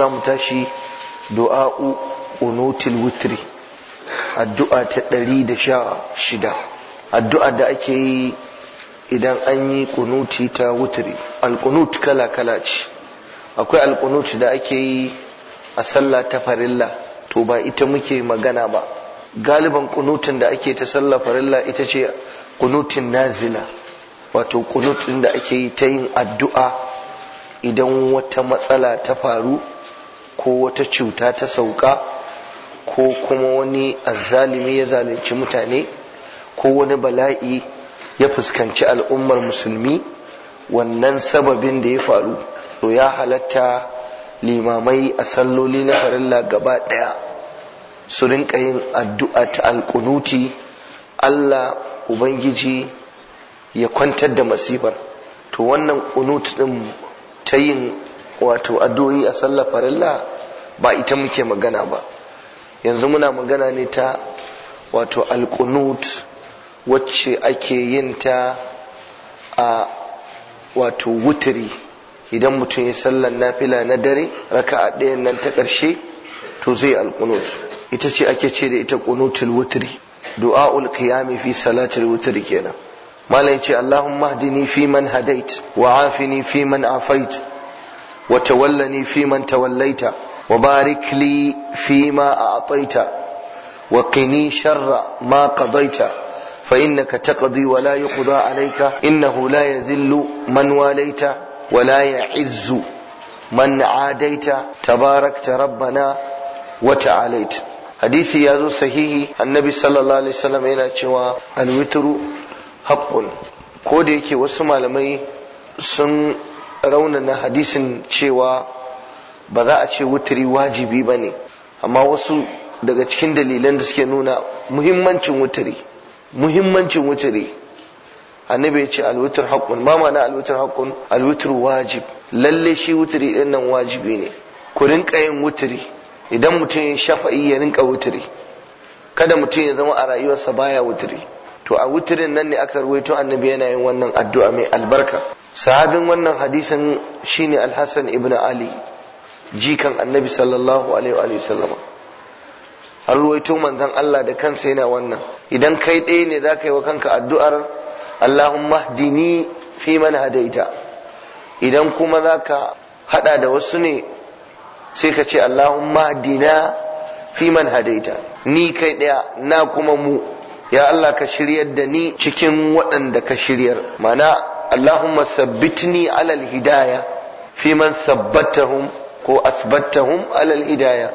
za mu tashi du'a'u unutil witri addu'a ta ɗari da sha shida addu'a da ake yi idan an yi kunuti ta wutri alkunut kala kala ce akwai alkunut da ake yi a sallah ta farilla to ba ita muke magana ba galiban kunutin da ake ta sallah farilla ita ce kunutin nazila wato kunutin da ake yi ta yin addu'a idan wata matsala ta faru ko wata cuta ta sauka ko kuma wani azalimi ya zalunci mutane ko wani bala'i ya fuskanci al'ummar musulmi wannan sababin da ya faru to ya halatta limamai a salloli na farilla gaba ɗaya su rinka yin addu'a ta alƙunuti Allah Ubangiji ya kwantar da masifar to wannan ƙunut ɗin ta yin wato addu'o'i a sallar farilla ba ita muke magana ba yanzu muna magana ne ta wato alkunut wacce ake yin ta a wato wuturi idan mutum ya sallan fila na dare raka a ɗayan nan ta ƙarshe to zai alkunut ita ce ake ce da ita kunutul wuturi du'aul qiyami fi salatul wuturi kenan malai ce allahumma hdini fi man hadait wa afini fi man afait wa tawallani fi man tawallaita وبارك لي فيما أعطيت وقني شر ما قضيت فإنك تقضي ولا يقضى عليك إنه لا يذل من واليت ولا يعز من عاديت تباركت ربنا وتعاليت hadisi ya zo sahihi annabi sallallahu alaihi wasallam yana cewa alwitru haqqun ko da yake wasu malamai sun raunana hadisin cewa ba za a ce wuturi wajibi ba ne amma wasu daga cikin dalilan da suke nuna muhimmancin wuturi muhimmancin wuturi annabi ya ce alwutar haƙun ma mana alwutar haƙun alwutar wajib lalle shi wuturi ɗin nan wajibi ne ku rinka yin wuturi idan mutum ya shafa'i ya rinka wuturi kada mutum ya zama a rayuwarsa baya wuturi to a wuturin nan ne aka ruwaito annabi yana yin wannan addu'a mai albarka sahabin wannan hadisin shine alhassan ibn ali jikan annabi sallallahu alaihi wa sallama har ruwaito manzon Allah da kansa yana wannan idan kai ɗaya ne za ka yi wa kanka addu'ar Allahumma hdini fi man hadaita idan kuma za ka hada da wasu ne sai ka ce Allahumma hdina fi man hadaita ni kai ɗaya na kuma mu ya Allah ka shiryar da ni cikin waɗanda ka shiryar mana Allahumma sabbitni alal hidaya fi man sabbatahum ko asbattahum alal idaya.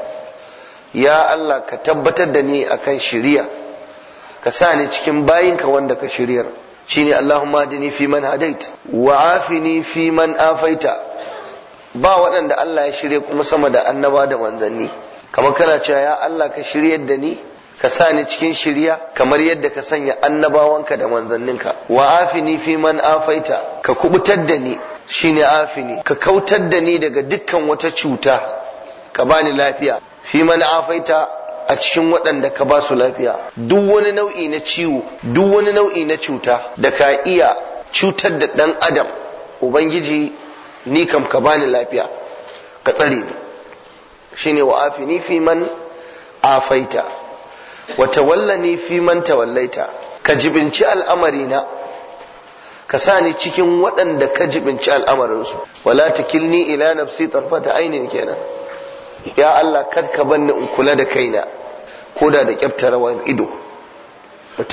ya Allah ka tabbatar da ni akan shiriya ka sa ni cikin bayinka wanda ka shiryar shine Allahumma dini fi man hadait wa afini fi man afaita ba waɗanda Allah ya shirya kuma sama da annaba da manzanni kamar kana cewa ya Allah ka shiryar da ni ka sa ni cikin shirya kamar yadda ka sanya annabawanka da manzanninka wa afini fi man afaita ka kubutar da ni shine afini ka kautar da ni daga dukkan wata cuta ka bani lafiya fi mana afaita a cikin waɗanda ka ba su lafiya duk wani nau'i na ciwo duk wani nau'i na cuta da ka iya cutar da ɗan adam ubangiji ni kam ka bani lafiya ka tsare ni shine wa afini fi man afaita wa tawallani fi man tawallaita ka jibinci al'amarina ka sa ni cikin waɗanda ka jibinci al'amarinsu wala takilni ila nafsi ta ainihin kenan ya Allah kad ka banni in kula da kaina koda da rawa ido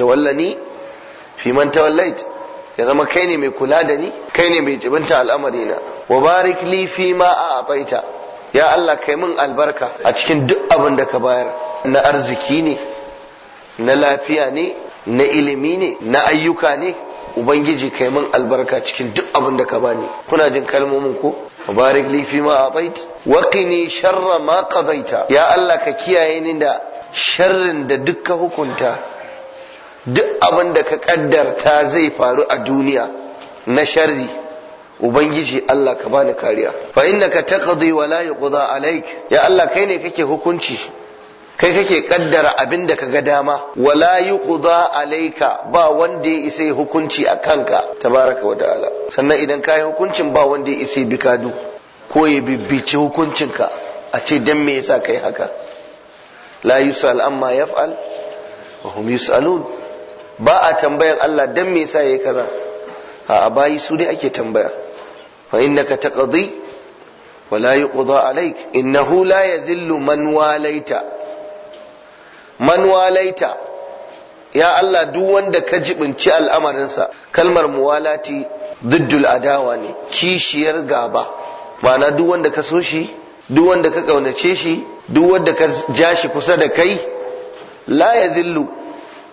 wallani fi man tawallait ya zama kai ne mai kula da ni kai ne mai jibinta al'amarina wa barik li fi ma a'taita ya Allah kai mun albarka a cikin duk abin da ka bayar na arziki ne na lafiya ne na ilimi ne na ayyuka ne ubangiji kai mun albarka cikin duk abin da ka bani kuna jin kalmomin ko mubarak li fi ma atait wa qini sharra ma qadaita ya Allah ka kiyaye ni da sharrin da duk hukunta duk abin da ka kaddarta zai faru a duniya na sharri ubangiji Allah ka bani kariya fa innaka taqdi wa la yuqda alaik ya Allah kai ne kake hukunci kai kake kaddara abin da kaga dama wala yuqda alayka ba wanda ya isa hukunci a kanka tabaraka wa ta'ala sannan idan ka yi hukuncin ba wanda ya isa bikadu ko ya bibbici hukuncinka a ce dan me yasa kai haka la yusal amma yaf'al wa hum yusalun ba a tambayan Allah dan me yasa yayi kaza a bayi su ne ake tambaya fa innaka taqdi Wala yuqda alayk innahu la yadhillu man walaita man walaita ya Allah duk wanda ka jibinci al'amarinsa kalmar muwalati diddul adawa ne kishiyar gaba ma'ana duk wanda ka so shi duk wanda ka kaunace shi duk wanda ka ja shi kusa da kai la ya zillu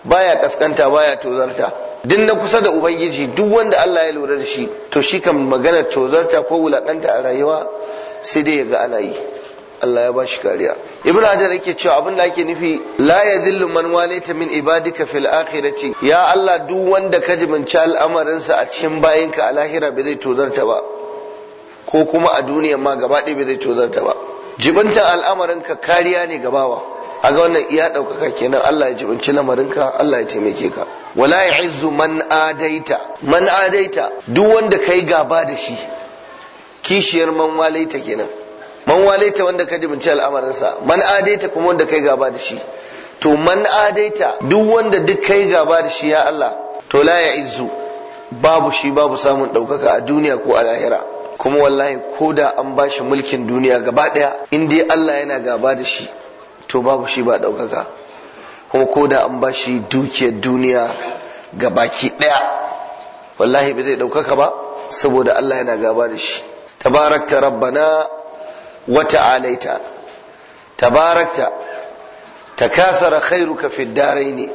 baya kaskanta baya tozarta duk na kusa da ubangiji duk wanda Allah ya lura da shi to shi kan magana tozarta ko wulakanta a rayuwa sai dai ya ga ana yi Allah ya bashi kariya ibnu hajar yake cewa abin da ake nufi la yadhillu man walaita min ibadika fil akhirati ya Allah duk wanda ka jibinci sa a cikin bayinka a lahira bai zai tozarta ba ko kuma a duniya ma gaba ɗaya bai zai tozarta ba jibintan ka kariya ne gabawa a ga wannan iya ɗaukaka kenan Allah ya jibinci ka. Allah ya taimake ka wala ya'izzu man adaita man adaita duk wanda kai gaba da shi kishiyar man walaita kenan man walaita wanda ka jibinci al'amarinsa man adaita kuma wanda kai gaba da shi to man adaita duk wanda duk kai gaba da shi ya Allah to la ya izu babu shi babu samun ɗaukaka a duniya ko a lahira kuma wallahi ko da an ba shi mulkin duniya gaba ɗaya in dai Allah yana gaba da shi to babu shi ba ɗaukaka kuma ko da an ba shi dukiyar duniya gabaki ɗaya wallahi ba zai ɗaukaka ba saboda Allah yana gaba da shi tabarakta rabbana وتعاليت تباركت تكاثر خيرك في الدارين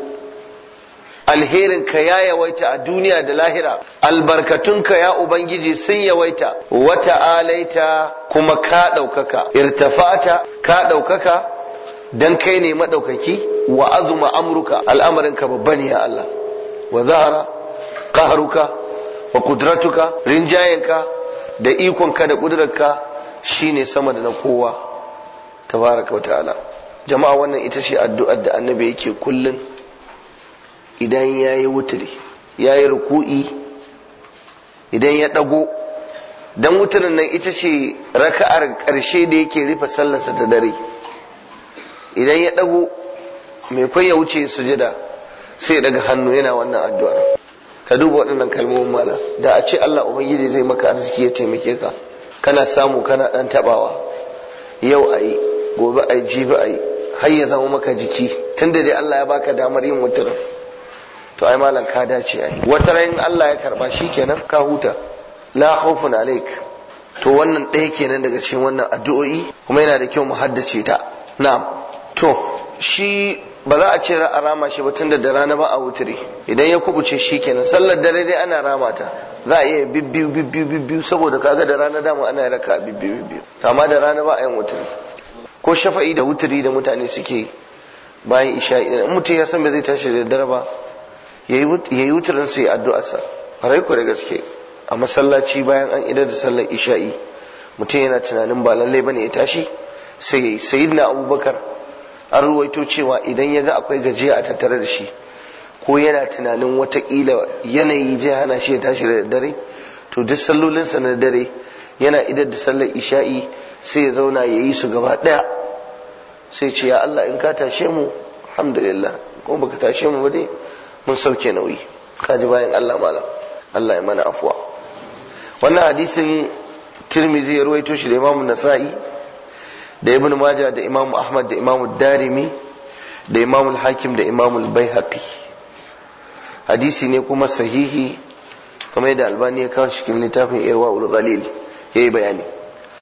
alherinka ya yawaita a duniya da lahira Albarkatun ka ya ubangiji sun yawaita wata alaita kuma ka ɗaukaka irtafata ka ɗaukaka don kai ne maɗaukaki wa azuma amurka al'amarinka babba ne ya Allah wa zahara ƙaharuka wa kudratuka rinjayenka da ikonka da ƙudurarka Shi ne sama da na kowa tabaraka wa ta'ala jama'a wannan ita ce addu'ar da annabi yake kullun idan ya yi wuturi ya yi ruku'i idan ya ɗago don wuturin nan ita ce raka'ar ƙarshe da yake rufe sallarsa ta dare idan ya ɗago mai ya wuce sujada sai daga hannu yana wannan addu'ar ka duba waɗannan kalmomin mala da a ce Allah ubangiji zai maka arziki ya taimake ka kana samu kana dan tabawa yau ayi gobe ayi jibi ayi har ya zama maka jiki tunda dai Allah ya baka damar yin wutar to ai malam ka dace ai wata ran Allah ya karba shikenan ka huta la khawfun alaik to wannan ɗaya kenan daga cikin wannan addu'o'i kuma yana da kyau mu haddace ta na'am to shi ba za a ce a rama shi ba tun da rana ba a wutare. idan ya kubuce shi kenan sallar dare dai ana rama ta za a iya bibbiyu bibbiyu bibbiyu saboda kaga da rana dama ana raka bibbiyu bibbiyu amma da rana ba a yin wutare. ko shafa'i da wutare da mutane suke bayan isha'i in mutum ya san ba zai tashi da dare ba yayi wutirin sai sa. farai ku da gaske a masallaci bayan an idar da sallar isha'i mutum yana tunanin ba lallai bane ya tashi sai sayyidina abubakar an ruwaito cewa idan ya ga akwai gajiya a tattare da shi ko yana tunanin watakila yanayi zai hana shi ya tashi da dare to duk sallolinsa na dare yana idar da sallar isha'i sai ya zauna ya yi su gaba ɗaya sai ce ya Allah in ka tashe mu alhamdulillah ko baka tashe mu ba dai mun sauke nauyi kaji bayan Allah malam Allah ya mana afuwa wannan hadisin tirmizi ya ruwaito shi da imamu nasa'i da ibn Maja da imam ahmad da imam darimi da imam hakim da imam baihaqi hadisi ne kuma sahihi kuma da albani ya kawo cikin littafin irwa ul ghalil yayi bayani